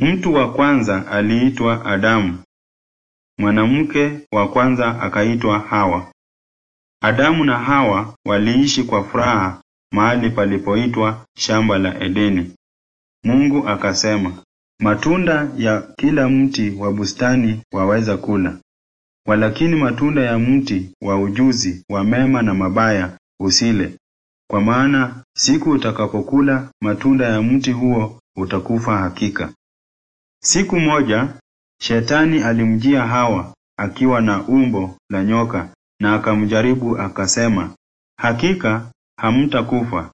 Mtu wa kwanza aliitwa Adamu. Mwanamke wa kwanza akaitwa Hawa. Adamu na Hawa waliishi kwa furaha mahali palipoitwa shamba la Edeni. Mungu akasema, matunda ya kila mti wa bustani waweza kula, walakini matunda ya mti wa ujuzi wa mema na mabaya usile, kwa maana siku utakapokula matunda ya mti huo utakufa hakika. Siku moja, Shetani alimjia Hawa akiwa na umbo la nyoka na akamjaribu akasema, Hakika hamtakufa.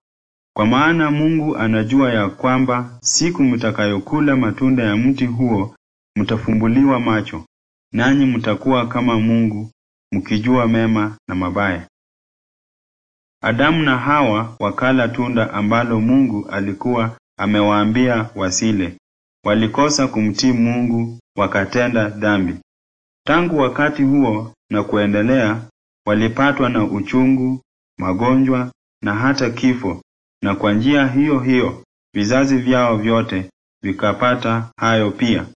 Kwa maana Mungu anajua ya kwamba siku mtakayokula matunda ya mti huo mtafumbuliwa macho, nanyi mtakuwa kama Mungu, mkijua mema na mabaya. Adamu na Hawa wakala tunda ambalo Mungu alikuwa amewaambia wasile, walikosa kumtii Mungu wakatenda dhambi. Tangu wakati huo na kuendelea, walipatwa na uchungu, magonjwa na hata kifo, na kwa njia hiyo hiyo vizazi vyao vyote vikapata hayo pia.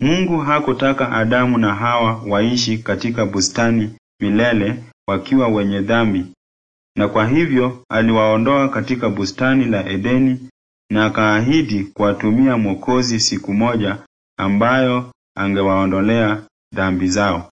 Mungu hakutaka Adamu na Hawa waishi katika bustani milele wakiwa wenye dhambi, na kwa hivyo aliwaondoa katika bustani la Edeni na akaahidi kuwatumia Mwokozi siku moja ambayo angewaondolea dhambi zao